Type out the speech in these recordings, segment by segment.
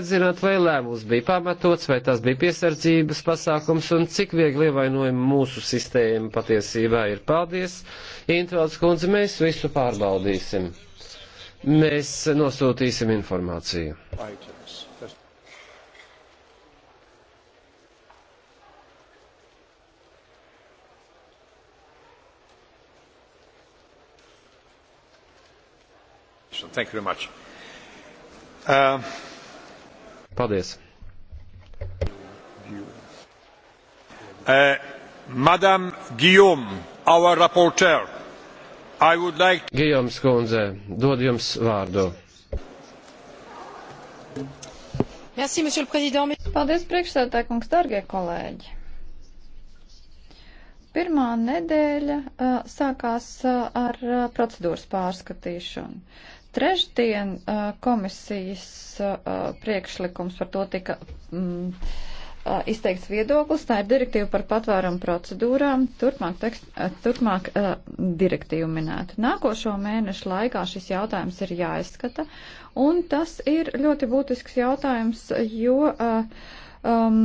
tagad zināt, vai lēmums bija pamatots, vai tas bija piesardzības pasākums un cik viegli ievainojumi mūsu sistēma patiesībā ir. Paldies, Intvalds kundze, mēs visu pārbaudīsim. Mēs nosūtīsim informāciju. Items. thank you very much. Uh... Paldies! Uh, Madam Guillaume, our rapporteur, I would like. Guillaume Skundze, dod jums vārdu. Merci, monsieur le président. Paldies, priekšsēdētāj, kungs, dargie kolēģi. Pirmā nedēļa uh, sākās uh, ar uh, procedūras pārskatīšanu. Trešdien komisijas priekšlikums par to tika mm, izteikts viedoklis. Tā ir direktīva par patvērumu procedūrām. Turpmāk, tekst, turpmāk uh, direktīvu minētu. Nākošo mēnešu laikā šis jautājums ir jāizskata. Un tas ir ļoti būtisks jautājums, jo. Uh, um,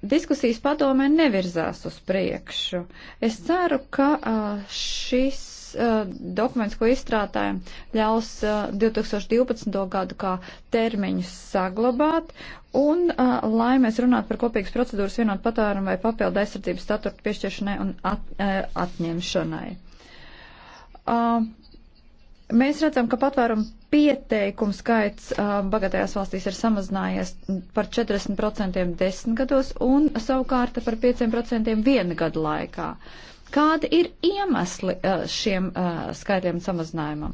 diskusijas padomē nevirzās uz priekšu. Es ceru, ka uh, šis uh, dokuments, ko izstrādājam, ļaus uh, 2012. gadu kā termiņu saglabāt, un uh, lai mēs runātu par kopīgas procedūras vienotu patērumu vai papildu aizsardzības statutu piešķiršanai un at, uh, atņemšanai. Uh, Mēs redzam, ka patvērumu pieteikumu skaits uh, bagātajās valstīs ir samazinājies par 40% desmit gados un savukārt par 5% viena gada laikā. Uh, Kādi ir iemesli uh, šiem uh, skaitļiem samazinājumam?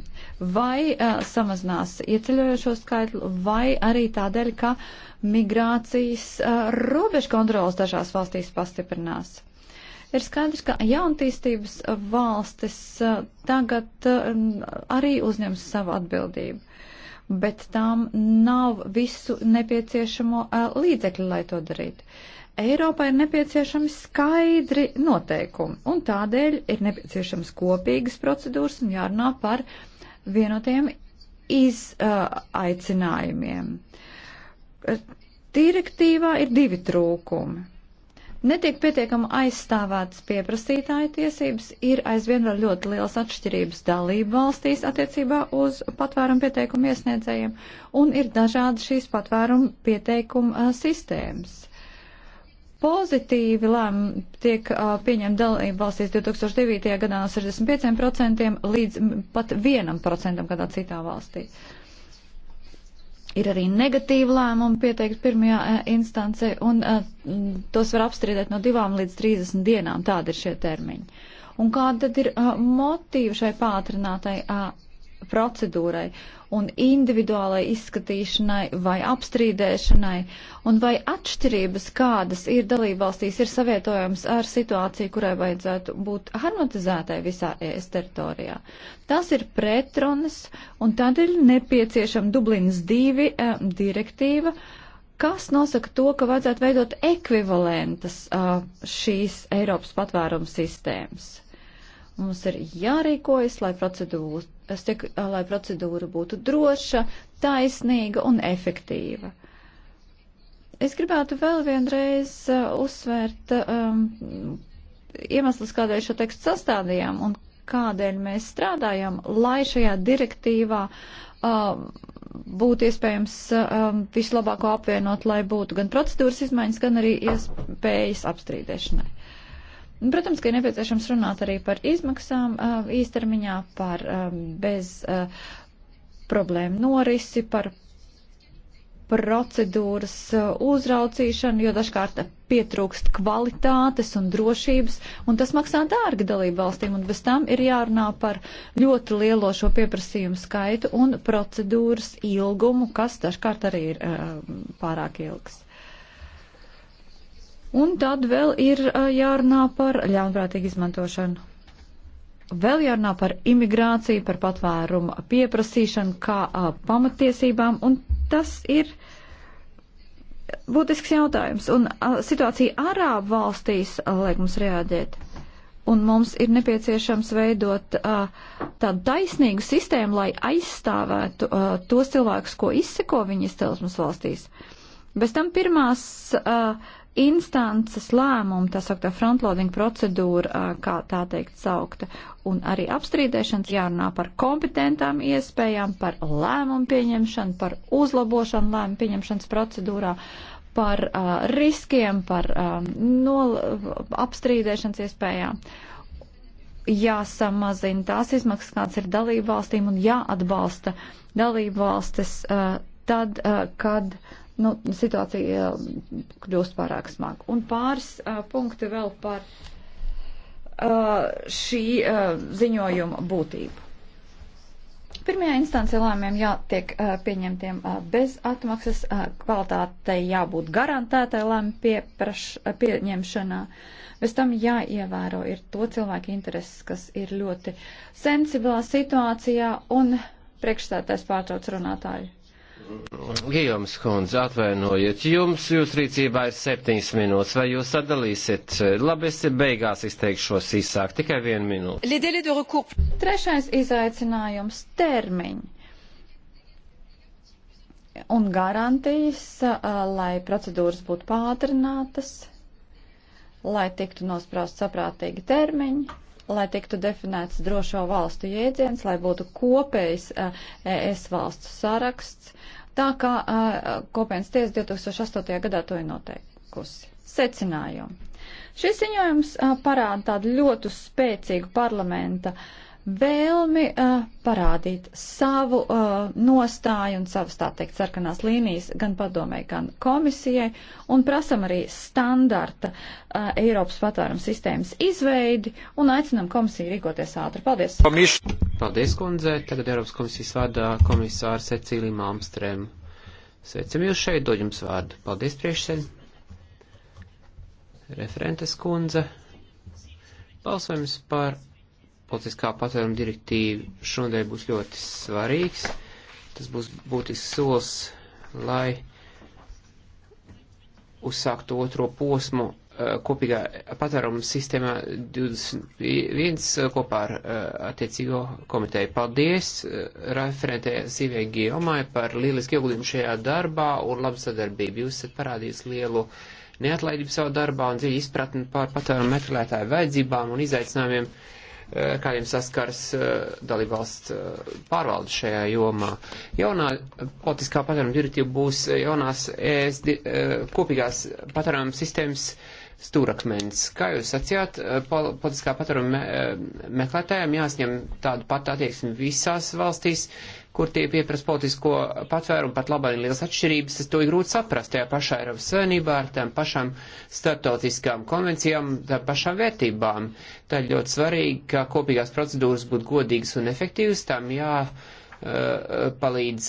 Vai uh, samazinās ieceļojošo skaitļu, vai arī tādēļ, ka migrācijas robežu kontrolas dažās valstīs pastiprinās? ir skaidrs, ka jauntīstības valstis tagad arī uzņems savu atbildību, bet tām nav visu nepieciešamo līdzekļu, lai to darītu. Eiropā ir nepieciešami skaidri noteikumi, un tādēļ ir nepieciešams kopīgas procedūras un jārunā par vienotiem izaicinājumiem. Direktīvā ir divi trūkumi. Netiek pietiekami aizstāvētas pieprasītāja tiesības, ir aizvien vēl ļoti liels atšķirības dalību valstīs attiecībā uz patvērumu pieteikumu iesniedzējiem, un ir dažādi šīs patvērumu pieteikumu sistēmas. Pozitīvi lēmumi tiek uh, pieņemti dalību valstīs 2009. gadā no 65% līdz pat 1% kādā citā valstī. Ir arī negatīvi lēmumi pieteikti pirmajā uh, instancē, un uh, tos var apstrīdēt no 2 līdz 30 dienām. Tādi ir šie termiņi. Un kāda tad ir uh, motīva šai pātrinātai uh, procedūrai un individuālai izskatīšanai vai apstrīdēšanai, un vai atšķirības, kādas ir dalībvalstīs, ir savietojams ar situāciju, kurai vajadzētu būt harmonizētai visā ES teritorijā. Tas ir pretrunas, un tādēļ nepieciešama Dublinas divi eh, direktīva, kas nosaka to, ka vajadzētu veidot ekvivalentas eh, šīs Eiropas patvērums sistēmas. Mums ir jārīkojas, lai procedūra, tiek, lai procedūra būtu droša, taisnīga un efektīva. Es gribētu vēl vienreiz uh, uzsvērt um, iemeslus, kādēļ šo tekstu sastādījām un kādēļ mēs strādājam, lai šajā direktīvā um, būtu iespējams um, vislabāko apvienot, lai būtu gan procedūras izmaiņas, gan arī iespējas apstrīdēšanai. Un, protams, ka ir nepieciešams runāt arī par izmaksām īstermiņā, par bez problēmu norisi, par procedūras uzraucīšanu, jo dažkārt pietrūkst kvalitātes un drošības, un tas maksā dārgi dalību valstīm, un bez tam ir jārunā par ļoti lielo šo pieprasījumu skaitu un procedūras ilgumu, kas dažkārt arī ir uh, pārāk ilgs. Un tad vēl ir jārunā par ļaunprātīgu izmantošanu. Vēl jārunā par imigrāciju, par patvērumu pieprasīšanu, kā a, pamatiesībām, un tas ir būtisks jautājums. Un a, situācija Arābu valstīs a, liek mums reaģēt. Un mums ir nepieciešams veidot a, tādu taisnīgu sistēmu, lai aizstāvētu a, tos cilvēkus, ko izseko viņa izcelsmes valstīs. Bez tam pirmās. A, instances lēmumu, tā sauktā frontloading procedūra, kā tā teikt saukta, un arī apstrīdēšanas jārunā par kompetentām iespējām, par lēmumu pieņemšanu, par uzlabošanu lēmumu pieņemšanas procedūrā, par uh, riskiem, par uh, nol, apstrīdēšanas iespējām. Jāsamazina tās izmaksas, kāds ir dalību valstīm, un jāatbalsta dalību valstis uh, tad, uh, kad nu, situācija eh, kļūst pārāk smaga. Un pāris uh, punkti vēl par uh, šī uh, ziņojuma būtību. Pirmajā instancē lēmumiem jātiek uh, pieņemtiem uh, bez atmaksas, uh, kvalitātei jābūt garantētai lēmumu piepraš, uh, pieņemšanā. Bez tam jāievēro ir to cilvēku intereses, kas ir ļoti sensiblā situācijā un priekšstātais pārtrauc runātāju. Gijoms Kundze, atvainojiet, jums jūs rīcībā ir septiņas minūtes, vai jūs sadalīsiet? Labi, es beigās izteikšos īsāk, tikai vienu minūti. Trešais izaicinājums - termiņi un garantijas, lai procedūras būtu pātrinātas, lai tiktu nospraust saprātīgi termiņi lai tiktu definēts drošo valstu jēdziens, lai būtu kopējs ES eh, e valstu saraksts, tā kā eh, kopienas tiesa 2008. gadā to ir noteikusi. Secinājumi. Šis ziņojums eh, parāda tādu ļoti spēcīgu parlamenta uh, vēlmi uh, parādīt savu uh, nostāju un savas, tā teikt, sarkanās līnijas gan padomē, gan komisijai, un prasam arī standarta uh, Eiropas patvērums sistēmas izveidi un aicinam komisiju rīkoties ātri. Paldies! Komis. Paldies, kundze! Tagad Eiropas komisijas vārdā komisāra Cecīlija Malmstrēm. Sveicam jūs šeit, dod jums vārdu. Paldies, priekšsēd! Referentes kundze! Balsojums par politiskā patvēruma direktīva šodien būs ļoti svarīgs. Tas būs būtisks solis, lai uzsāktu otro posmu uh, kopīgā patvēruma sistēmā 21 uh, kopā ar uh, attiecīgo komiteju. Paldies referentē Sīvē Gijomai par lielisku ieguldījumu šajā darbā un labu sadarbību. Jūs esat parādījis lielu neatlaidību savā darbā un dziļu izpratni par patvērumu meklētāju vajadzībām un izaicinājumiem Eh, kādiem saskars eh, dalībvalsts eh, pārvaldes šajā jomā. Jaunā politiskā patvēruma direktīva būs jaunās ES kopīgās patvēruma sistēmas uh, stūrakmens. Kā jūs sacījāt, eh, politiskā patvēruma eh, meklētājiem jāsņem tādu pat attieksmi visās valstīs, kur tie pieprasa politisko patvērumu, pat labai liels atšķirības, tas to ir grūti saprast tajā pašā Eiropas Savienībā ar tām pašām startautiskām konvencijām, tām pašām vērtībām. Tā ir ļoti svarīgi, ka kopīgās procedūras būtu godīgas un efektīvas, tam jā. Uh, palīdz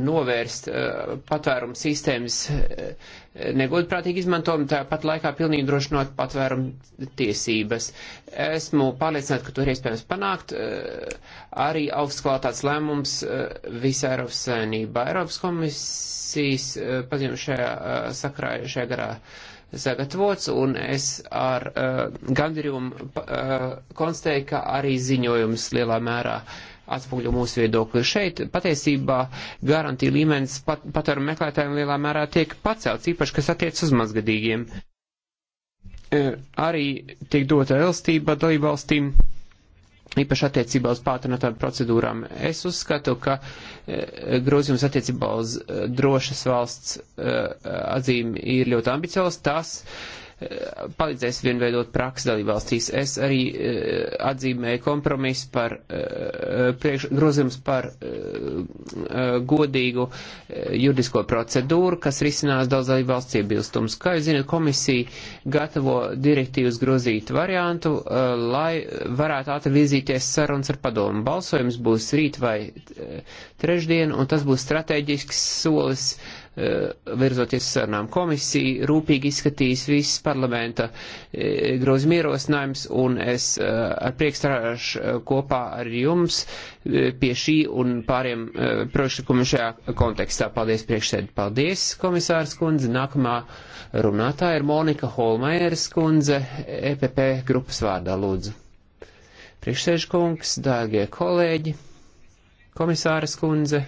novērst eh, patvērumu sistēmas eh, negodprātīgi izmantojumu, tāpat laikā pilnīgi drošinot patvērumu tiesības. Esmu pārliecināta, ka to ir iespējams panākt eh, arī augsts kvalitātes lēmums visā Eiropas saimnībā. Eiropas komisijas paziņojums šajā sakrā, šajā garā sagatavots, un es ar uh, gandarījumu uh, konstatēju, ka arī ziņojums lielā mērā uh, atspoguļo mūsu viedokli. Šeit patiesībā garantija līmenis pat, patēru meklētājiem lielā mērā tiek pacelts, īpaši, kas attiec uz mazgadīgiem. E, arī tiek dota elstība dalībvalstīm, īpaši attiecībā uz pātrinātām procedūrām. Es uzskatu, ka e, grozījums attiecībā uz drošas valsts e, atzīmi ir ļoti ambiciozs. Tas, uh, Eh, palīdzēs vienveidot praksi dalībvalstīs. Es arī eh, atzīmēju kompromisu par eh, priekšgrozījums par godīgu juridisko procedūru, kas risinās daudz dalībvalsts iebilstums. Kā jūs zināt, komisija gatavo direktīvas grozīt variantu, lai varētu ātri virzīties sarunas ar padomu. Balsojums būs rīt vai trešdien, un tas būs strateģisks solis Eh, virzoties sarunām. Komisija rūpīgi izskatīs visus parlamenta eh, grozījuma ierosinājumus, un es eh, ar prieku strādāšu kopā ar jums pie šī un pāriem priekšlikumu šajā kontekstā. Paldies, priekšsēdi. Paldies, komisārs kundze. Nākamā runātāja ir Monika Holmajeres kundze, EPP grupas vārdā, lūdzu. Priekšsēžu kungs, dārgie kolēģi, komisāras kundze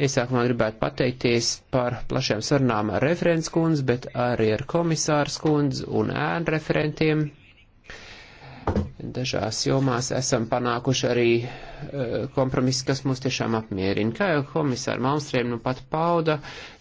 iesākumā gribētu pateikties par plašām sarunām ar referents kundz, bet arī ar komisārs kundz un ēnu referentiem. Dažās jomās esam panākuši arī e, kompromiss, kas mūs tiešām apmierina. Kā jau komisāra Malmstrēm nu pat pauda,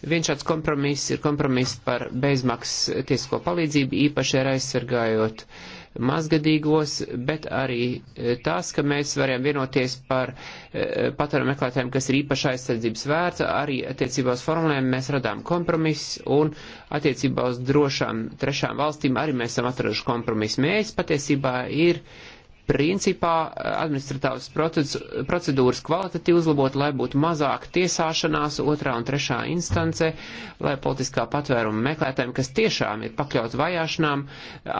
viens šāds kompromiss ir kompromiss par bezmaksas tiesisko palīdzību, īpaši ar aizsargājot uh, mazgadīgos, bet arī e, tas, ka mēs varējām vienoties par e, patērumu meklētājiem, kas ir īpaši aizsardzības vērts, arī attiecībā uz formulēm mēs radām kompromisu un attiecībā uz drošām trešām valstīm arī mēs esam atraduši kompromisu. Mēs patiesībā ir uh, Principā administratīvas procedūras kvalitatīvi uzlabot, lai būtu mazāk tiesāšanās otrā un trešā instance, lai politiskā patvēruma meklētājiem, kas tiešām ir pakļaut vajāšanām,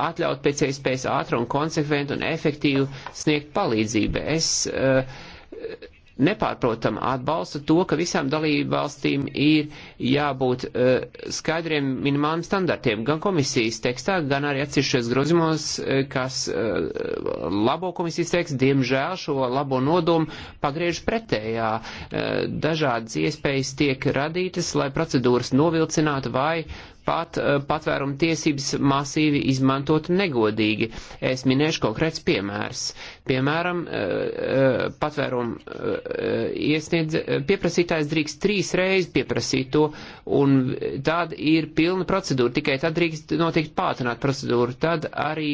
atļaut pēc iespējas ātru un konsekventu un efektīvu sniegt palīdzību. Es, uh, nepārprotam atbalsta to, ka visām dalību valstīm ir jābūt uh, skaidriem minimāliem standartiem, gan komisijas tekstā, gan arī atsevišķos grozījumos, eh, kas uh, labo komisijas tekstu, diemžēl šo labo nodomu pagriež pretējā. Uh, dažādas iespējas tiek radītas, lai procedūras novilcinātu vai pat eh, patvērumu tiesības masīvi izmantot negodīgi. Es minēšu konkrēts piemērs. Piemēram, eh, eh, patvērumu iesniedz, pieprasītājs drīkst trīs reizes pieprasīt to, un tad ir pilna procedūra. Tikai tad drīkst notikt pātrināt procedūru. Tad arī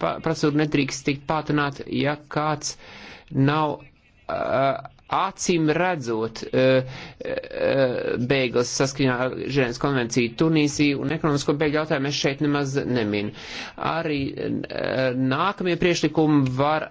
procedūra nedrīkst tikt pātrināt, ja kāds nav. Uh, acīm redzot eh, eh, beigas saskaņā ar Ženēvas konvenciju Tunīsiju un ekonomisko beigu jautājumu es šeit nemaz neminu. Arī eh, nākamie priešlikumi var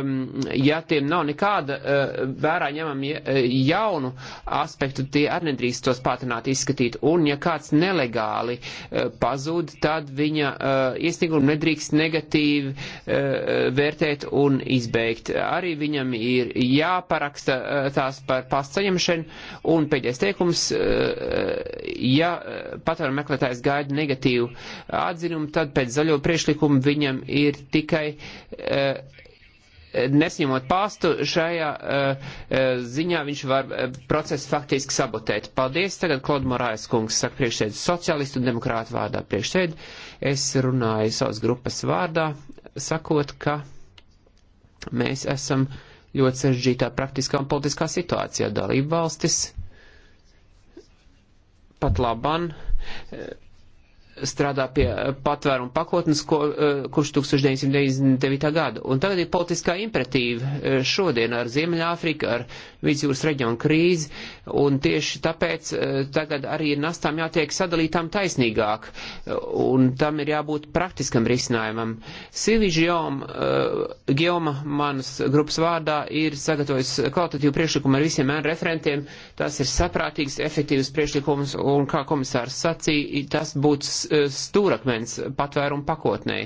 um, ja tiem nav nekāda uh, vērā ņemama ja, uh, jaunu aspektu, tie arī nedrīkst tos pātrināt izskatīt. Un ja kāds nelegāli uh, pazūd, tad viņa uh, iesniegumu nedrīkst negatīvi uh, vērtēt un izbeigt. Arī viņam ir jāparaksta uh, tās par pastaņemšanu. Un pēdējais teikums, uh, ja uh, patvērumu meklētājs gaida negatīvu atzinumu, tad pēc zaļo priešlikumu viņam ir tikai uh, nesņemot pāstu, šajā uh, ziņā viņš var eh, procesu faktiski sabotēt. Paldies, tagad Klod Morājas kungs saka priekšsēdi socialistu un demokrātu vārdā priekšsēdi. Es runāju savas grupas vārdā, sakot, ka mēs esam ļoti sarežģītā praktiskā un politiskā situācijā dalību valstis. Pat laban. Uh, strādā pie patvērumu pakotnes ko, eh, kopš 1999. gada. Un tagad ir politiskā imperatīva eh, šodien ar Ziemeļāfriku, ar vidusjūras reģionu krīzi, un tieši tāpēc eh, tagad arī nastām jātiek sadalītām taisnīgāk, un tam ir jābūt praktiskam risinājumam. Silviģiom, Gioma manas grupas vārdā ir sagatavojis kvalitatīvu priekšlikumu ar visiem referentiem, tas ir saprātīgs, efektīvs priekšlikums, un kā komisārs sacīja, tas būtu Eh, stūrakmens patvērumu pakotnē.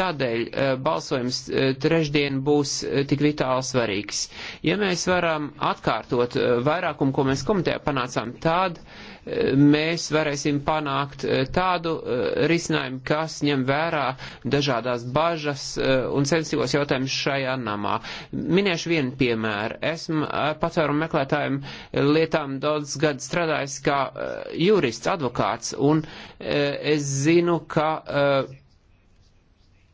Tādēļ eh, balsojums eh, trešdien būs tik vitāli svarīgs. Ja mēs varam atkārtot vairākumu, ko mēs komitejā panācām, tad mēs varēsim panākt eh, tādu eh, risinājumu, kas ņem vērā dažādās bažas eh, un sensitīvos jautājumus šajā namā. Minēšu vienu piemēru. Esmu patvērumu meklētājiem lietām daudz gadu strādājis kā jurists, advokāts, un es zinu, ka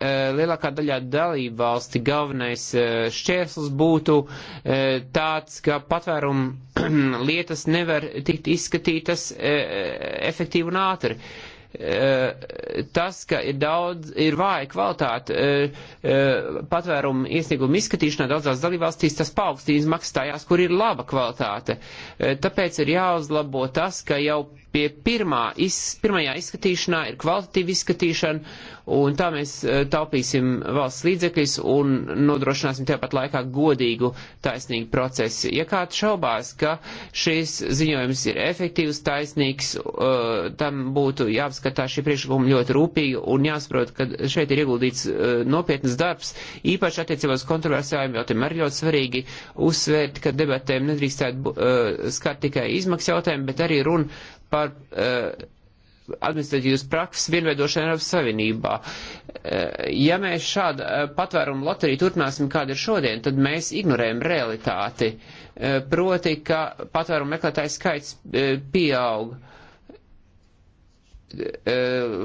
Eh, lielākā daļā dalību valsti galvenais eh, šķērslis būtu eh, tāds, ka patvērumu lietas nevar tikt izskatītas efektīvi un ātri. Tas, ka ir daudz, ir vāja kvalitāte patvērumu iesniegumu izskatīšanā daudzās dalībvalstīs, tas paaugstina izmaksas tajās, kur ir laba kvalitāte. Tāpēc ir jāuzlabo tas, ka jau Pie pirmā iz, pirmajā izskatīšanā ir kvalitatīva izskatīšana, un tā mēs eh, taupīsim valsts līdzekļus un nodrošināsim tāpat laikā godīgu, taisnīgu procesu. Ja kāds šaubās, ka šis ziņojums ir efektīvs, taisnīgs, eh, tam būtu jāapskatā šī priekšlikuma ļoti rūpīgi un jāsaprot, ka šeit ir ieguldīts eh, nopietnas darbs, īpaši attiecībās kontroversiāliem jautājumiem arī ļoti svarīgi uzsvērt, ka debatēm nedrīkstētu skart tikai izmaksu jautājumu, bet arī runa par uh, administratīvas prakses vienveidošana Eiropas Savienībā. Eh, ja mēs šādu eh, patvērumu loteriju turpināsim, kāda ir šodien, tad mēs ignorējam realitāti. Proti, ka patvērumu meklētāju skaits pieaug.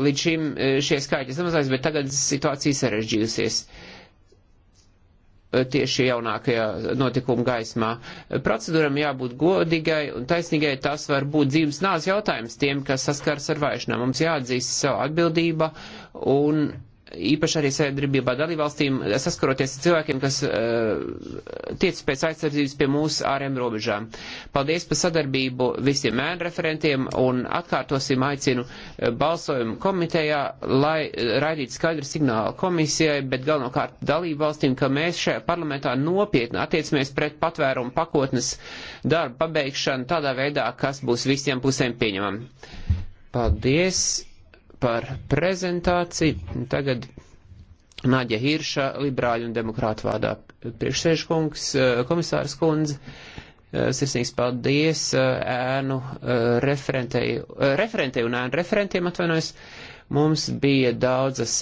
Līdz šim šie skaitļi samazājas, bet tagad situācija sarežģījusies. Uh, Eh, tieši jaunākajā notikuma gaismā. Procedūram jābūt godīgai un taisnīgai, tas var būt dzīves nāves jautājums tiem, kas saskars ar vaišanām. Mums jāatzīst savu atbildību un īpaši arī sadarbībā dalībvalstīm, saskaroties ar cilvēkiem, kas uh, tiec pēc aizsardzības pie mūsu ārējām robežām. Paldies par sadarbību visiem mēnu referentiem un atkārtosim aicinu eh, balsojumu komitejā, lai eh, raidītu skaidru signālu komisijai, bet galvenokārt dalībvalstīm, ka mēs šajā parlamentā nopietni attiecamies pret patvērumu pakotnes darbu pabeigšanu tādā veidā, kas būs visiem pusēm pieņemam. Paldies! par prezentāciju. Tagad Nāģa Hirša, liberāļu un demokrātu vārdā priekšsēžkungs, eh, komisārs kundze. Eh, sirsnīgs paldies eh, ēnu referentei, referentei un ēnu referentiem atvainojas. Mums bija daudzas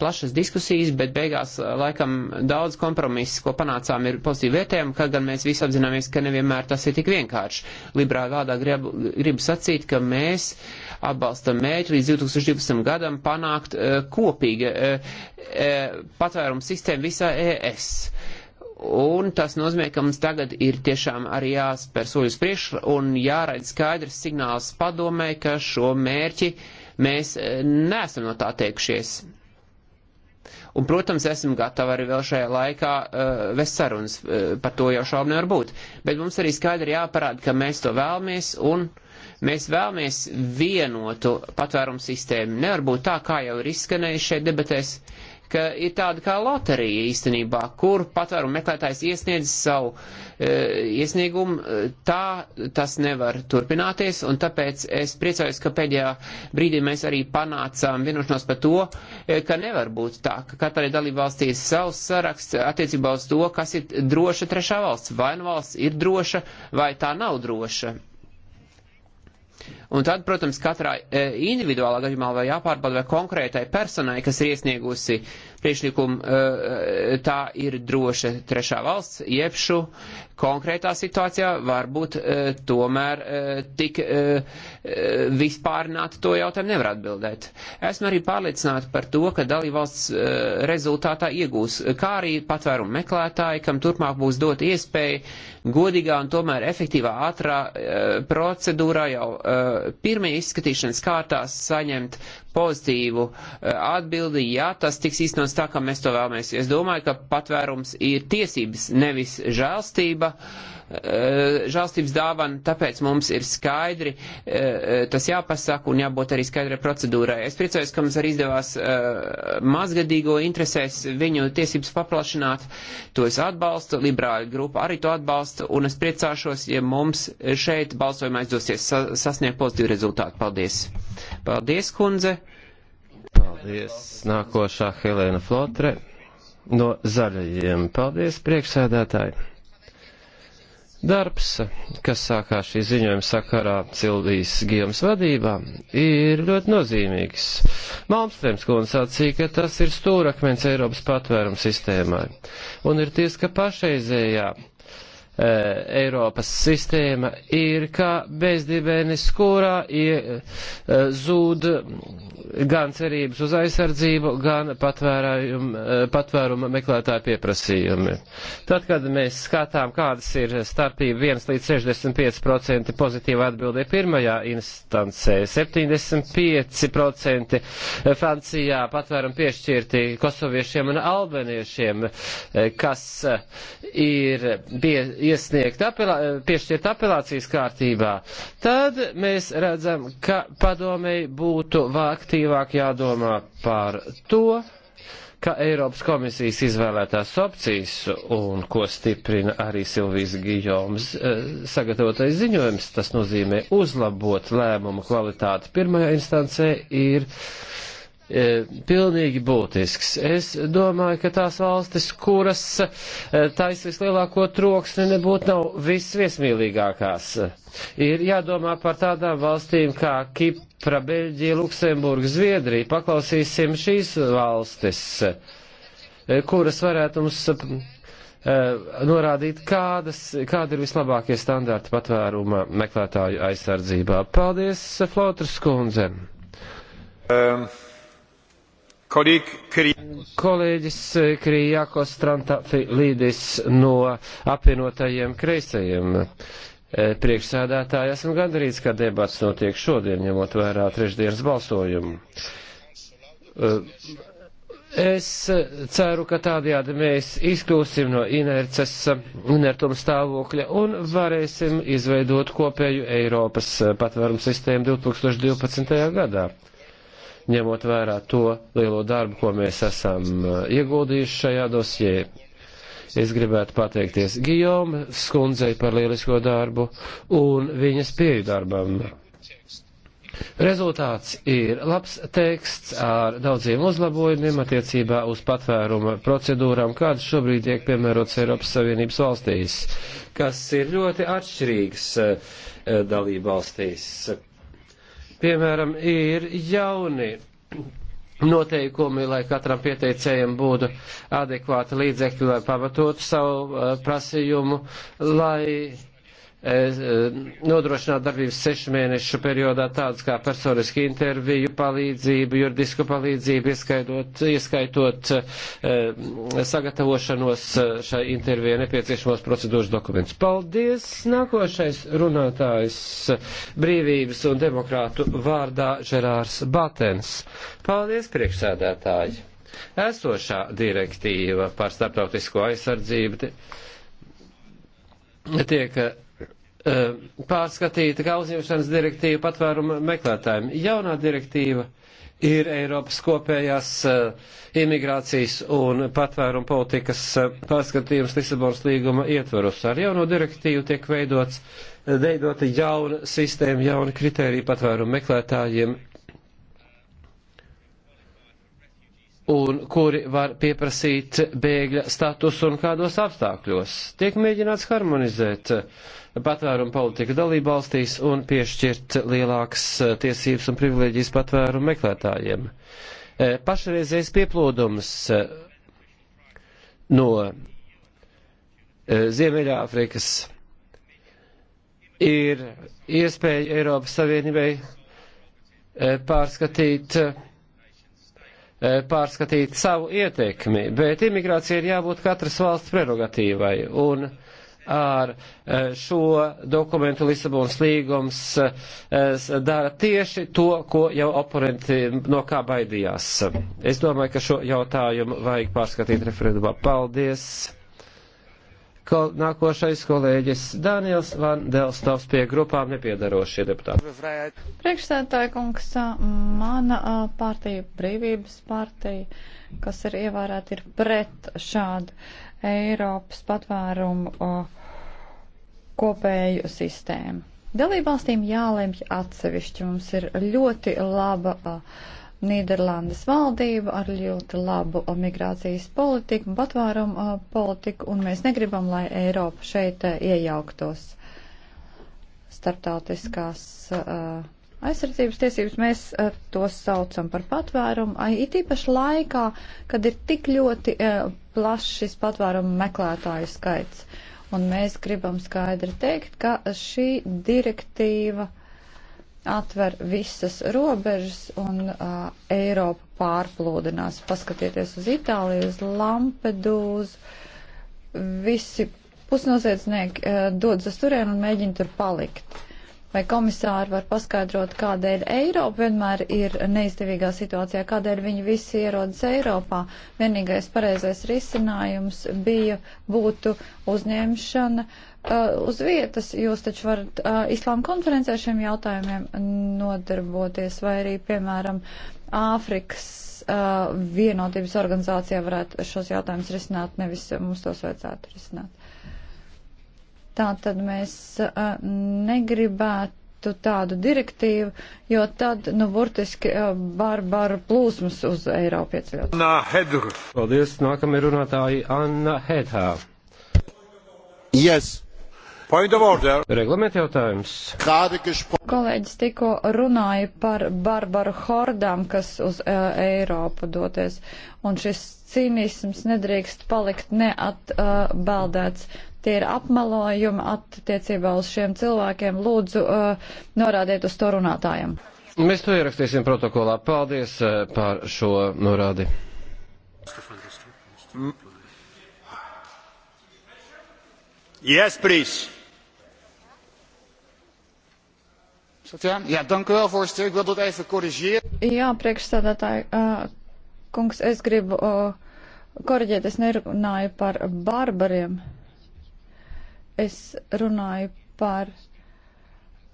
plašas diskusijas, bet beigās laikam daudz kompromisu, ko panācām, ir pozitīvi vērtējumi, kaut gan mēs visi apzināmies, ka nevienmēr tas ir tik vienkārši. Liberāli vārdā gribu, gribu sacīt, ka mēs uh, atbalstam mēķi līdz 2012. gadam panākt uh, kopīga uh, eh, uh, eh, patvērums sistēma visā ES. Un tas nozīmē, ka mums tagad ir tiešām arī jāspēr soļus priekš un jāraida skaidrs signāls padomē, ka šo mērķi mēs uh, neesam no tā teikušies. Un, protams, esam gatavi arī vēl šajā laikā uh, vest sarunas, uh, par to jau šaubu nevar būt. Bet mums arī skaidri jāparāda, ka mēs to vēlamies un uh, Mēs vēlamies vienotu patvērumu sistēmu. Nevar būt tā, kā jau ir izskanējuši šeit debatēs, ka ir tāda kā loterija īstenībā, kur patvērumu meklētājs iesniedz savu e, iesniegumu, e, tā tas nevar turpināties, un tāpēc es priecājos, ka pēdējā brīdī mēs arī panācām vienošanos par to, e, ka nevar būt tā, ka katrai dalībvalstī ir savs saraksts attiecībā uz to, kas ir droša trešā valsts. Vai nu valsts ir droša, vai tā nav droša. Un tad, protams, katrā e, individuālā gadījumā vai jāpārbauda, vai konkrētai personai, kas ir iesniegusi uh, priekšlikumu, eh, eh, tā ir droša trešā valsts, iepšu konkrētā situācijā varbūt eh, tomēr tik vispārnāt to jautājumu nevar atbildēt. Esmu arī pārliecināta par to, ka dalībvalsts rezultātā iegūs, kā arī patvērumu meklētāji, kam turpmāk būs dot iespēju godīgā un tomēr efektīvā ātrā procedūrā jau pirmajā izskatīšanas kārtā saņemt pozitīvu eh, atbildi, ja tas tiks īstenots tā, kā mēs to vēlamies. Es domāju, ka patvērums ir tiesības, nevis žēlstība. Uh, Eh, žālstības dāvana, tāpēc mums ir skaidri eh, tas jāpasaka un jābūt arī skaidrai procedūrai. Es priecājos, ka mums arī izdevās eh, mazgadīgo interesēs viņu tiesības paplašināt. To es atbalstu, liberāļu grupa arī to atbalsta, un es priecāšos, ja mums šeit balsojumā izdosies sasniegt pozitīvu rezultātu. Paldies! Paldies, kundze! Paldies! Nākošā Helēna Flotre no Zaļajiem. Paldies, priekšsēdētāji! Darbs, kas sākās šī ziņojuma sakarā Cildijas Gijoms vadībā, ir ļoti nozīmīgs. Malmstrēms kundze sacīja, ka tas ir stūrakmens Eiropas patvērums sistēmai. Un ir ties, ka pašreizējā Eh, Eiropas sistēma ir kā bezdibēnis, kurā ie, eh, zūd gan cerības uz aizsardzību, gan eh, patvēruma meklētāju pieprasījumi. Tad, kad mēs skatām, kādas ir starpība 1 līdz 65% pozitīva atbildē pirmajā instancē, 75% Francijā patvērumu piešķirti kosoviešiem un albaniešiem, kas ir pie, iesniegt apelā, eh, piešķirt apelācijas kārtībā, tad mēs redzam, ka padomēji būtu aktīvāk jādomā par to, ka Eiropas komisijas izvēlētās opcijas, un ko stiprina arī Silvijas Gijoms eh, sagatavotais ziņojums, tas nozīmē uzlabot lēmumu kvalitāti pirmajā instancē, ir E, pilnīgi būtisks. Es domāju, ka tās valstis, kuras e, taisa vislielāko troksni, nebūtu nav visviesmīlīgākās. Ir jādomā par tādām valstīm kā Kipra, Beļģija, Luksemburga, Zviedrija. Paklausīsim šīs valstis, e, kuras varētu mums norādīt, kādas, kāda ir vislabākie standarti patvēruma meklētāju aizsardzībā. Paldies, Flotras kundze! Um. Kolēģis eh, Krijākos Trantafilīdis no apvienotajiem kreisajiem eh, priekšsēdētāji esam gandarīts, ka debats notiek šodien, ņemot vērā trešdienas balsojumu. Eh, es ceru, ka tādējādi mēs izkļūsim no inerces, inertuma stāvokļa un varēsim izveidot kopēju Eiropas patvērumu sistēmu 2012. gadā ņemot vērā to lielo darbu, ko mēs esam uh, ieguldījuši šajā dosjē. Es gribētu pateikties Gijoma skundzei par lielisko darbu un viņas pieeju darbam. Rezultāts ir labs teksts ar daudziem uzlabojumiem attiecībā uz patvēruma procedūrām, kādas šobrīd tiek piemērotas Eiropas Savienības valstīs, kas ir ļoti atšķirīgas eh, dalība valstīs. Piemēram, ir jauni noteikumi, lai katram pieteicējam būtu adekvāti līdzekļi, lai pamatotu savu eh, prasījumu, lai Eh, nodrošināt darbības sešu mēnešu periodā tādas kā personiski interviju, palīdzību, juridisku palīdzību, ieskaitot, ieskaitot eh, sagatavošanos eh, šai intervijai nepieciešamos procedūras dokumentus. Paldies! Nākošais runātājs brīvības un demokrātu vārdā Žerārs Batens. Paldies, priekšsēdētāji! Esošā direktīva par starptautisko aizsardzību tiek Uh, pārskatīta kā uzņemšanas direktīva patvērumu meklētājiem. Jaunā direktīva ir Eiropas kopējās uh, imigrācijas un patvērumu politikas uh, pārskatījums Lisabonas līguma ietvaros. Ar jauno direktīvu tiek veidots, veidota jauna sistēma, jauna kritērija patvērumu meklētājiem un kuri var pieprasīt bēgļa status un kādos apstākļos. Tiek mēģināts harmonizēt patvērumu politiku dalību valstīs un piešķirt lielākas tiesības un privileģijas patvērumu meklētājiem. E, pašreizējais pieplūdums e, no e, Ziemeļāfrikas ir iespēja Eiropas Savienībai pārskatīt E, pārskatīt savu ietekmi, bet imigrācija ir jābūt katras valsts prerogatīvai. Un ar e, šo dokumentu Lisabonas līgums e, dara tieši to, ko jau oponenti no kā baidījās. Es domāju, ka šo jautājumu vajag pārskatīt referendumā. Paldies! Kol, nākošais kolēģis Daniels Van Delstovs pie grupām nepiedarošie deputāti. Priekšsētāja kungs, mana partija, brīvības partija, kas ir ievērēta, ir pret šādu Eiropas patvērumu kopēju sistēmu. Dalībvalstīm jālemj atsevišķi. Mums ir ļoti laba. Uh, Nīderlandes valdība ar ļoti labu uh, migrācijas politiku, patvērumu uh, politiku, un mēs negribam, lai Eiropa šeit uh, iejauktos starptautiskās aizsardzības tiesības. Mēs tos saucam par patvērumu, it īpaši laikā, kad ir tik ļoti plašs šis patvērumu meklētāju skaits. Un mēs gribam skaidri teikt, ka šī direktīva atver visas robežas un uh, Eiropa pārplūdinās. Paskatieties uz Itāliju, uz Lampedūzu. Visi pusnoziedznieki uh, dodas uz turienu un mēģina tur palikt. Vai komisāri var paskaidrot, kādēļ Eiropa vienmēr ir neizdevīgā situācijā, kādēļ viņi visi ierodas Eiropā? Vienīgais pareizais risinājums bija būtu uzņemšana. Uh, Uh, uz vietas, jūs taču varat uh, islāma konferencē šiem jautājumiem nodarboties, vai arī, piemēram, Āfrikas uh, vienotības organizācijā varētu šos jautājumus risināt, nevis mums tos vajadzētu risināt. Tā tad mēs negribētu veiktu tādu direktīvu, jo tad, nu, burtiski barbaru plūsmas uz Eiropu ieceļot. Anna Hedru. Paldies, nākamie runātāji Anna Hedhā. Yes. Reglamenta jautājums. Kolēģis tikko runāja par Barbaru Hordām, kas uz uh, Eiropu doties, un šis cīnisms nedrīkst palikt neatbaldēts. Uh, Tie ir apmelojumi attiecībā uz šiem cilvēkiem. Lūdzu, uh, norādiet uz to runātājiem. Mēs to ierakstīsim protokolā. Paldies uh, par šo norādi. Mm. Yes, please. Ja, dank u wel, voorzitter. Ik wil dat even corrigeren. Jā, priekšstādātāji, uh, eh, kungs, es gribu uh, eh, korģēt, es nerunāju par barbariem. Es runāju par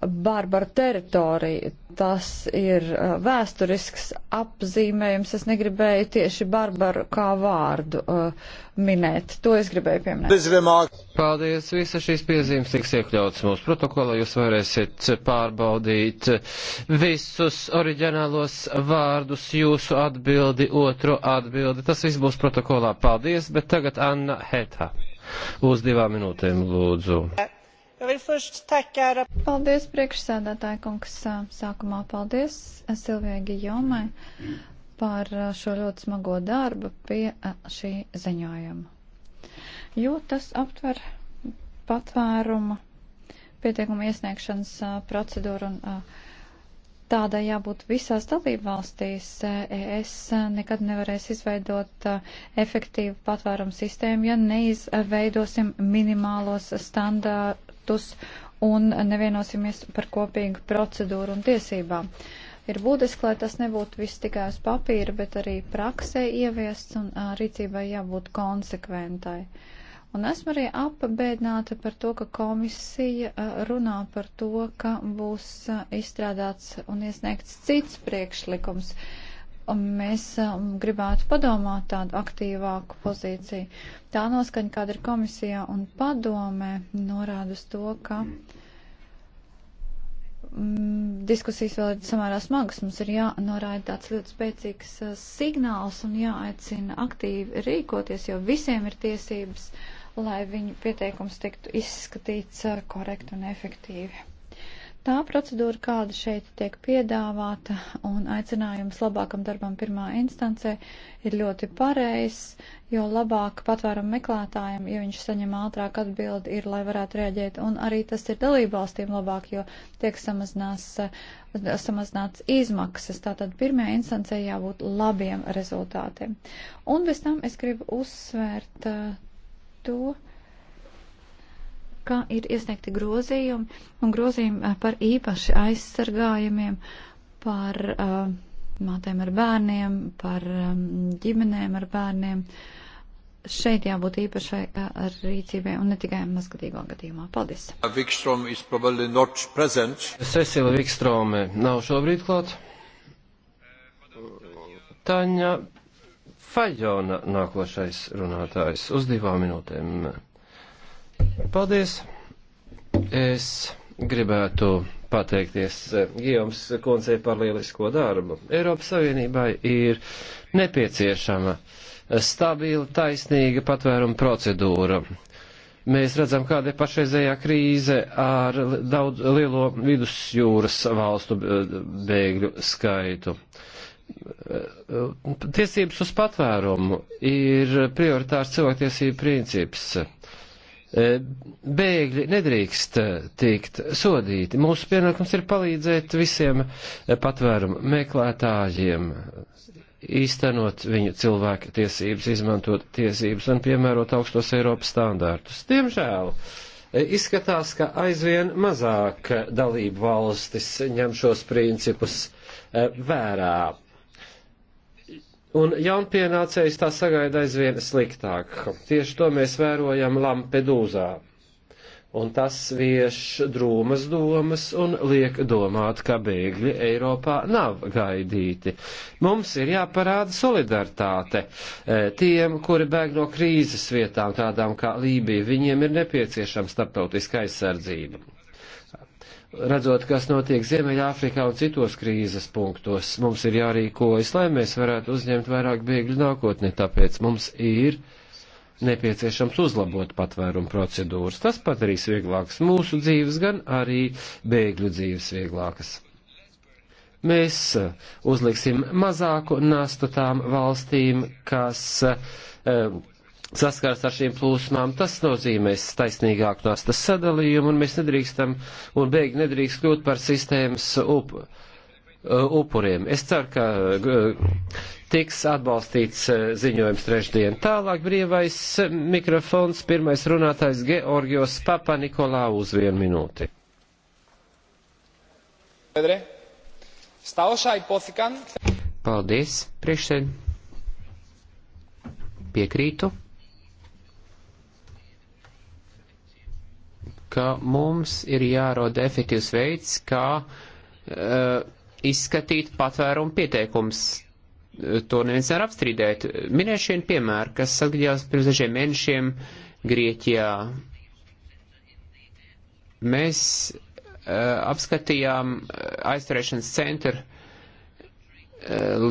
Barbara teritorija. Tas ir uh, vēsturisks apzīmējums. Es negribēju tieši Barbaru kā vārdu uh, minēt. To es gribēju pieminēt. Paldies. Visa šīs piezīmes tiks iekļautas mūsu protokolā. Jūs varēsiet pārbaudīt visus oriģinālos vārdus, jūsu atbildi, otru atbildi. Tas viss būs protokolā. Paldies. Bet tagad Anna Heta. Uz divām minūtēm lūdzu. Uh. Paldies, priekšsēdētāja kungs. Sākumā paldies Silvijai Gijomai par šo ļoti smago darbu pie šī ziņojuma. Jo tas aptver patvēruma pieteikuma iesniegšanas procedūru un tādai jābūt visās dalību valstīs. ES nekad nevarēs izveidot efektīvu patvērumu sistēmu, ja neizveidosim minimālos standārtus aktus un nevienosimies par kopīgu procedūru un tiesībām. Ir būtiski, lai tas nebūtu viss tikai uz papīra, bet arī praksē ieviests un a, rīcībai jābūt konsekventai. Un esmu arī apbēdināta par to, ka komisija a, runā par to, ka būs a, izstrādāts un iesniegts cits priekšlikums. A, mēs um, gribētu padomāt tādu aktīvāku pozīciju. Tā noskaņa, kāda ir komisijā un padomē, norāda uz to, ka mm, diskusijas vēl ir samērā smagas. Mums ir jānorāda tāds ļoti spēcīgs uh, signāls un jāaicina aktīvi rīkoties, jo visiem ir tiesības, lai viņu pieteikums tiktu izskatīts uh, korekti un efektīvi. Tā procedūra, kāda šeit tiek piedāvāta un aicinājums labākam darbam pirmā instancē, ir ļoti pareizs, jo labāk patvēram meklētājiem, ja viņš saņem ātrāk atbildi, ir, lai varētu rēģēt, un arī tas ir dalībvalstīm labāk, jo tiek samazinās, samazināts izmaksas. Tātad pirmajā instancē jābūt labiem rezultātiem. Un bez tam es gribu uzsvērt uh, to, ka ir iesniegti grozījumi un grozījumi eh, par īpaši aizsargājumiem, par uh, mātēm ar bērniem, par um, ģimenēm ar bērniem. Šeit jābūt īpašai uh, rīcībai un ne tikai mazgadīgo gadījumā. Paldies. Cecila Vikstrome nav šobrīd klāt. Taņa Faļona nākošais runātājs uz divām minūtēm. Paldies! Es gribētu pateikties eh, Gijoms koncei par lielisko darbu. Eiropas Savienībai ir nepieciešama stabila, taisnīga patvēruma procedūra. Mēs redzam, kāda ir pašreizējā krīze ar daudz lielo vidusjūras valstu eh, bēgļu skaitu. Eh, tiesības uz patvērumu ir prioritārs cilvēktiesību princips. E, bēgļi nedrīkst e, tikt sodīti. Mūsu pienākums ir palīdzēt visiem e, patvērumu meklētājiem īstenot viņu cilvēku tiesības, izmantot tiesības un piemērot augstos Eiropas standārtus. Diemžēl izskatās, ka aizvien mazāk dalību valstis ņem šos principus vērā. Un jaunpienācējs tā sagaida aizvien sliktāk. Tieši to mēs vērojam Lampedūzā. Un tas vieš drūmas domas un liek domāt, ka bēgļi Eiropā nav gaidīti. Mums ir jāparāda solidaritāte e, tiem, kuri bēg no krīzes vietām, tādām kā Lībija. Viņiem ir nepieciešama starptautiska aizsardzība redzot, kas notiek Ziemeļāfrikā un citos krīzes punktos, mums ir jārīkojas, lai mēs varētu uzņemt vairāk bēgļu nākotnē, tāpēc mums ir nepieciešams uzlabot patvērumu procedūras. Tas padarīs vieglākas mūsu dzīves, gan arī bēgļu dzīves vieglākas. Mēs uh, uzliksim mazāku nastu tām valstīm, kas eh, saskars ar šīm plūsmām, tas nozīmēs taisnīgāku nastas sadalījumu, un mēs nedrīkstam un beigi nedrīkst kļūt par sistēmas up, uh, upuriem. Es ceru, ka uh, tiks atbalstīts uh, ziņojums trešdien. Tālāk brīvais mikrofons, pirmais runātājs Georgios Papa Nikolau uz vienu minūti. Paldies, priekšsēd. Piekrītu. ka mums ir jāroda efektīvs veids, kā uh, izskatīt patvērumu pieteikums. To neviens nevar apstrīdēt. Minēšu vienu piemēru, kas atgadījās pirms dažiem mēnešiem Grieķijā. Mēs uh, apskatījām eh, aizturēšanas centru uh,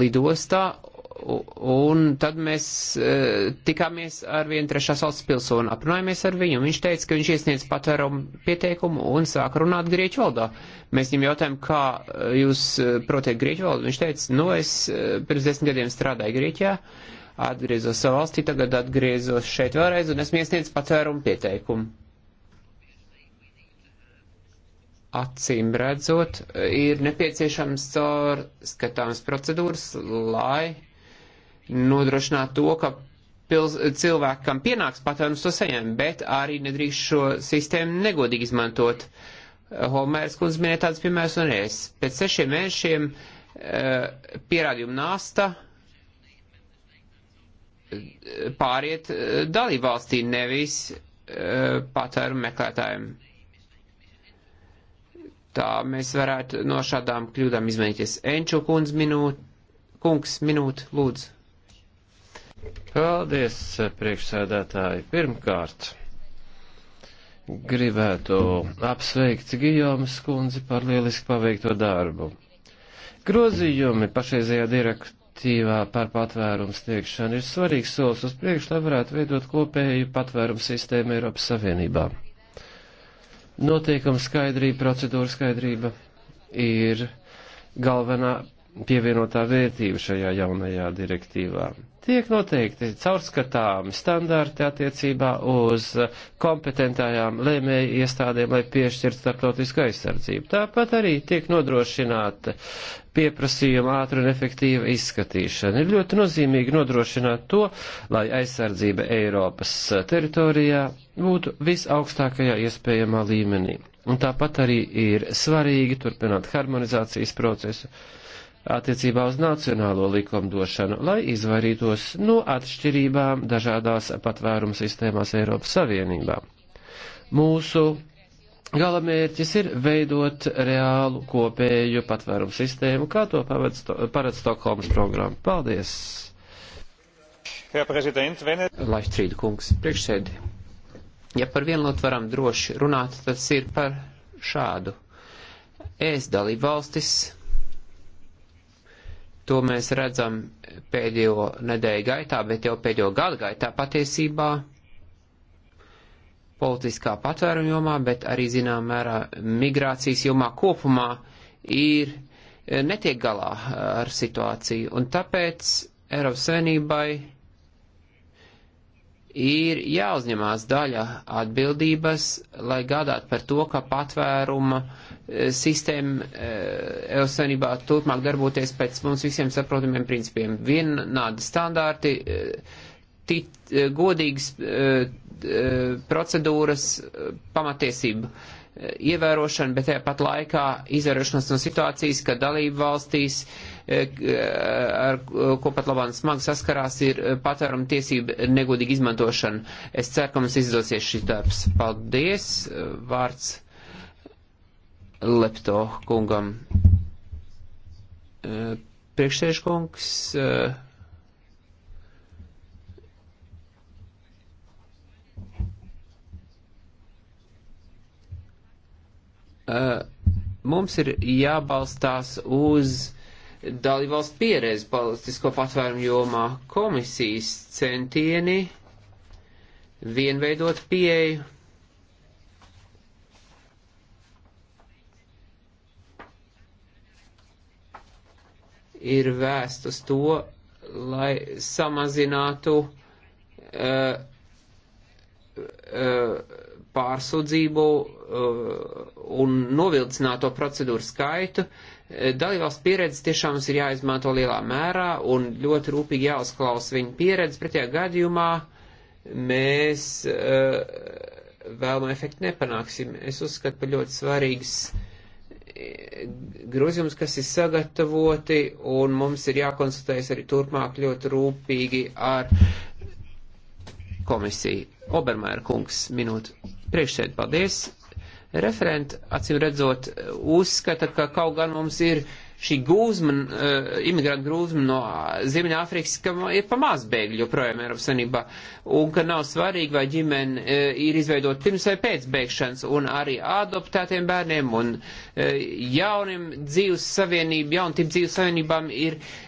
lidostā un tad mēs uh, tikāmies ar vienu trešās valsts pilsonu, aprunājāmies ar viņu, un viņš teica, ka viņš iesniedz patvērumu pieteikumu un sāka runāt grieķu valodā. Mēs viņam jautājām, kā e, jūs e, protiet grieķu valodu, viņš teica, nu es pirms desmit gadiem strādāju Grieķijā, atgriezos savā valstī, tagad atgriezos šeit vēlreiz, un esmu iesniedz patvērumu pieteikumu. Acīm redzot, ir nepieciešams caur skatāmas procedūras, lai nodrošināt to, ka pils, cilvēki, kam pienāks patvērums, to saņem, bet arī nedrīkst šo sistēmu negodīgi izmantot. Holmērs kundze minēja tāds piemērs un es. Pēc sešiem mēnešiem uh, eh, pierādījumu nāsta eh, pāriet eh, dalībvalstī, nevis uh, patēru meklētājiem. Tā mēs varētu no šādām kļūdām izmainīties. Enču kundz minūte, kungs minūte, lūdzu. Paldies, priekšsēdētāji. Pirmkārt, gribētu apsveikt Gijomas kundzi par lieliski paveikto darbu. Grozījumi pašreizajā direktīvā par patvērumu sniegšanu ir svarīgs solis uz priekšu, lai varētu veidot kopēju patvērumu sistēmu Eiropas Savienībā. Noteikuma skaidrība, procedūra skaidrība ir galvenā pievienotā vērtība šajā jaunajā direktīvā. Tiek noteikti caurskatāmi standarti attiecībā uz kompetentajām lēmēju iestādēm, lai piešķirtu starptautisku aizsardzību. Tāpat arī tiek nodrošināta pieprasījuma ātra un efektīva izskatīšana. Ir ļoti nozīmīgi nodrošināt to, lai aizsardzība Eiropas teritorijā būtu visaugstākajā iespējamā līmenī. Un tāpat arī ir svarīgi turpināt harmonizācijas procesu attiecībā uz nacionālo likumdošanu, lai izvairītos no atšķirībām dažādās patvērumu sistēmās Eiropas Savienībā. Mūsu galamērķis ir veidot reālu kopēju patvērumu sistēmu, kā to paredz Stokholmas programma. Paldies! Laistrīda kungs, priekšsēdi. Ja par vienlot varam droši runāt, tas ir par šādu. Es dalību valstis To mēs redzam pēdējo nedēļu gaitā, bet jau pēdējo gadu gaitā patiesībā politiskā patvēruma jomā, bet arī zinām mērā migrācijas jomā kopumā ir eh, netiek galā ar situāciju. Un tāpēc Eiropas Savienībai ir jāuzņemās daļa atbildības, lai gādātu par to, ka patvēruma eh, sistēma eh, Eiropas Savienībā turpmāk darboties pēc mums visiem saprotamiem principiem. Vienādi standārti, eh, tit, godīgas procedūras, pamatiesība Eh, ievērošanu, bet tāpat laikā izvarošanos no situācijas, ka dalību valstīs, eh, eh, ar ko pat labāk smagi saskarās, ir patvērumu tiesību negodīga izmantošana. Es ceru, ka mums izdosies šis darbs. Paldies! Vārds Lepto kungam. Priekšsēžkungs. Uh, Uh, mums ir jābalstās uz dalībvalstu pieredzi politisko patvērumu jomā komisijas centieni vienveidot pieeju. ir vēst uz to, lai samazinātu uh, uh, pārsūdzību uh, un novilcināto procedūru skaitu. Eh, dalībvalsts pieredze tiešām mums ir jāizmanto lielā mērā un ļoti rūpīgi jāuzklaus viņa pieredze. Pretējā gadījumā mēs eh, vēlamo efektu nepanāksim. Es uzskatu par ļoti svarīgas eh, grozījums, kas ir sagatavoti, un mums ir jākonsultējas arī turpmāk ļoti rūpīgi ar uh, komisiju. Obermēra kungs, minūte. Priekšsēd, paldies. Referent, acīm redzot, uzskata, ka kaut gan mums ir uh, šī gūzma, uh, eh, imigrantu gūzma no Ziemeļāfrikas, ka ir pamaz bēgļu joprojām Eiropas Savienībā, un ka nav svarīgi, vai ģimene uh, ir izveidot pirms vai pēc bēgšanas, un arī adoptētiem bērniem un uh, jauniem dzīves savienību, jauntību dzīves savienībām ir uh,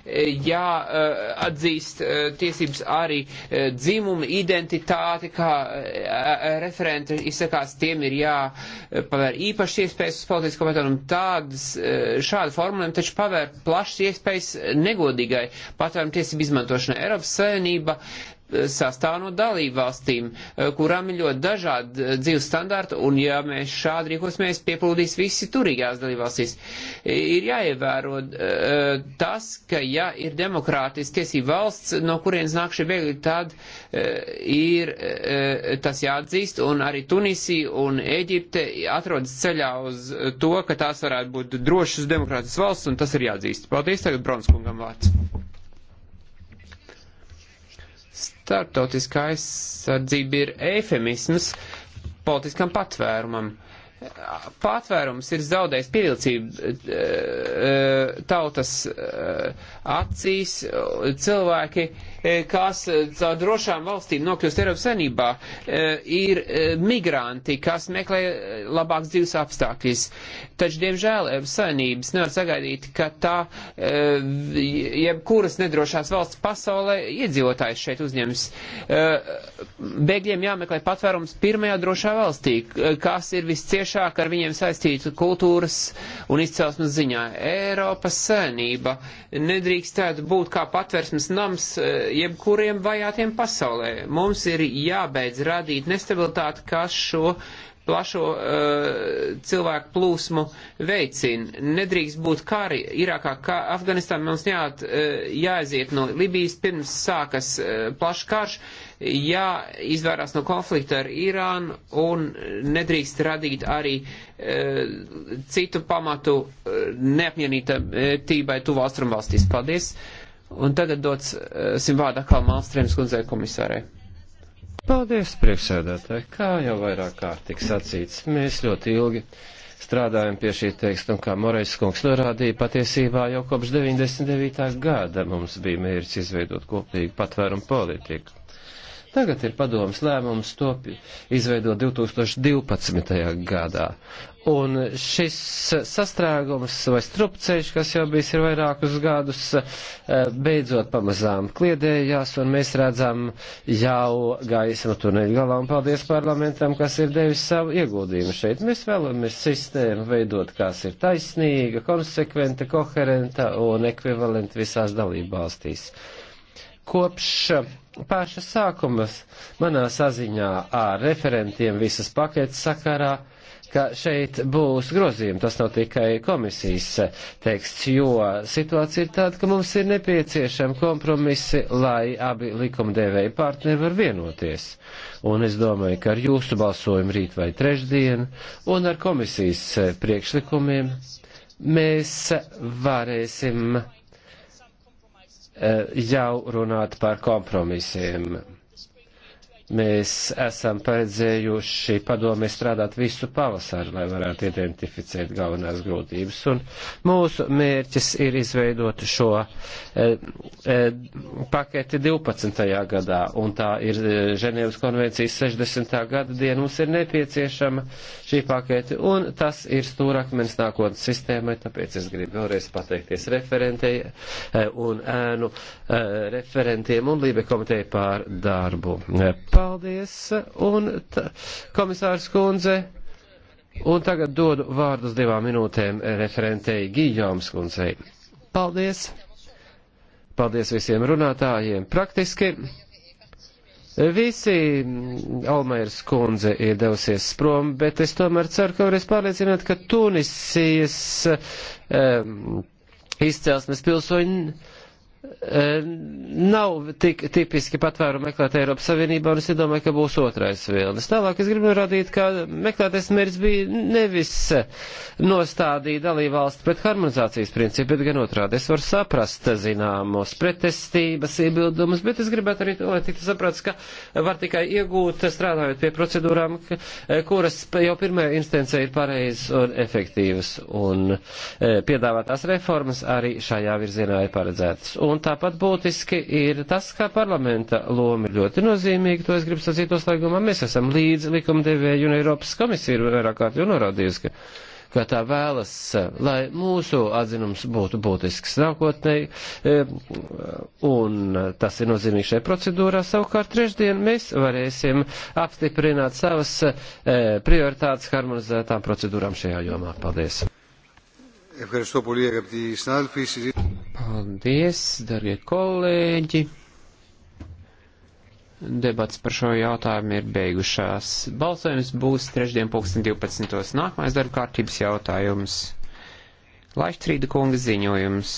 jāatzīst uh, uh, tiesības arī uh, dzimumu identitāti, kā uh, referenti izsakās, tiem ir jāpavēr īpaši iespējas uz politisko metodu, un tādas, uh, šāda formulējuma taču pavēr plašas iespējas negodīgai patvērumtiesību izmantošanai. Eiropas Savienība sastāv no dalību valstīm, eh, kurām ir ļoti dažādi eh, dzīves standarti, un ja mēs šādi rīkosimies, pieplūdīs visi turīgās dalību valstīs. Ir jāievēro eh, tas, ka ja ir demokrātiski tiesība valsts, no kurienes nāk šie bēgļi, tad ir tas jāatzīst, un arī Tunisija un Eģipte atrodas ceļā uz to, ka tās varētu būt drošas demokrātiskas valsts, un tas ir jāatzīst. Paldies, tagad Bronskungam vārds. Startautiskā aizsardzība ir eifemisms politiskam patvērumam. Patvērums ir zaudējis pievilcību eh, eh, tautas eh, acīs, cilvēki E, kas e, caur drošām valstīm nokļūst Eiropas Savienībā, e, ir migranti, kas meklē labāks dzīves apstākļus. Taču, diemžēl, Eiropas Savienības nevar sagaidīt, ka tā jebkuras nedrošās valsts pasaulē iedzīvotājs šeit uzņems. Bēgļiem jāmeklē patvērums pirmajā drošā valstī, kas ir visciešāk ar viņiem saistīta kultūras un izcelsmes ziņā. Eiropas Savienība nedrīkstētu būt kā patversmes nams jebkuriem vajātiem pasaulē. Mums ir jābeidz radīt nestabilitāti, kas šo plašo uh, cilvēku plūsmu veicina. Nedrīkst būt kari Irākā, kā Afganistānā mums jāat, uh, eh, jāaiziet no Libijas pirms sākas uh, plašs karš, jāizvērās no konflikta ar Irānu un nedrīkst radīt arī uh, citu pamatu uh, neapmienītībai tuvā austrumvalstīs. Paldies! Uh, Un tagad dosim eh, vārdu atkal Malmstrēms kundzei komisārai. Paldies, priekšsēdētāji. Kā jau vairāk kārt tik sacīts, mēs ļoti ilgi strādājam pie šī teksta, un kā Morais kungs norādīja, patiesībā jau kopš 99. gada mums bija mērķis izveidot kopīgu patvērumu politiku. Tagad ir padomas lēmums to izveidot 2012. gadā. Un šis sastrēgums vai strupceļš, kas jau bijis ir vairākus gadus, eh, beidzot pamazām kliedējās, un mēs redzam jau gaismu tuneļu galā, un paldies parlamentam, kas ir devis savu ieguldījumu šeit. Mēs vēlamies sistēmu veidot, kas ir taisnīga, konsekventa, koherenta un ekvivalenta visās dalībvalstīs. Kopš paša sākumas manā saziņā ar referentiem visas paketes sakarā, ka šeit būs grozījumi. Tas nav tikai komisijas teksts, jo situācija ir tāda, ka mums ir nepieciešami kompromisi, lai abi likumdevēji partneri var vienoties. Un es domāju, ka ar jūsu balsojumu rīt vai trešdien un ar komisijas priekšlikumiem mēs varēsim eh, jau runāt par kompromisiem Mēs esam paredzējuši padomē strādāt visu pavasaru, lai varētu identificēt galvenās grūtības. Un mūsu mērķis ir izveidot šo e, e, paketi 12. gadā, un tā ir eh, Ženēvas konvencijas 60. gada diena. Mums ir nepieciešama šī paketi, un tas ir stūrakmens nākotnes sistēmai, tāpēc es gribu vēlreiz pateikties referentei e, un ēnu e, referentiem un Lībe komiteju par darbu. E, Paldies, un komisārs kundze. Un tagad dodu vārdus divām minūtēm referentei Gījoms kundzei. Paldies! Paldies visiem runātājiem! Praktiski visi mm, Almairs kundze ir devusies sprom, bet es tomēr ceru, ka varēs pārliecināt, ka Tunisijas um, izcelsmes pilsoņi nav tik tipiski patvērumu meklēt Eiropas Savienībā, un es domāju, ka būs otrais vilnis. Tālāk es gribu norādīt, ka meklētais mērķis bija nevis nostādīt dalībvalstu pret harmonizācijas principu, bet gan otrādi. Es varu saprast zināmos pretestības iebildumus, bet es gribētu arī, lai tiktu saprats, ka var tikai iegūt strādājot pie procedūrām, kuras jau pirmajā instancē ir pareizas un efektīvas, un e, piedāvātās reformas arī šajā virzienā ir paredzētas. Un Un tāpat būtiski ir tas, kā parlamenta loma ir ļoti nozīmīga, to es gribu sacīt noslēgumā. Mēs esam līdz likumdevēju un Eiropas komisija ir vairāk kārt jau norādījusi, ka, ka tā vēlas, lai mūsu atzinums būtu būtisks nākotnē, e, un tas ir nozīmīgi šai procedūrā. Savukārt trešdien mēs varēsim apstiprināt savas e, prioritātes harmonizētām procedūrām šajā jomā. Paldies! Paldies, darbie kolēģi! Debats par šo jautājumu ir beigušās. Balsojums būs trešdien pulksten 12. Nākamais darba kārtības jautājums. Laištrīda kunga ziņojums.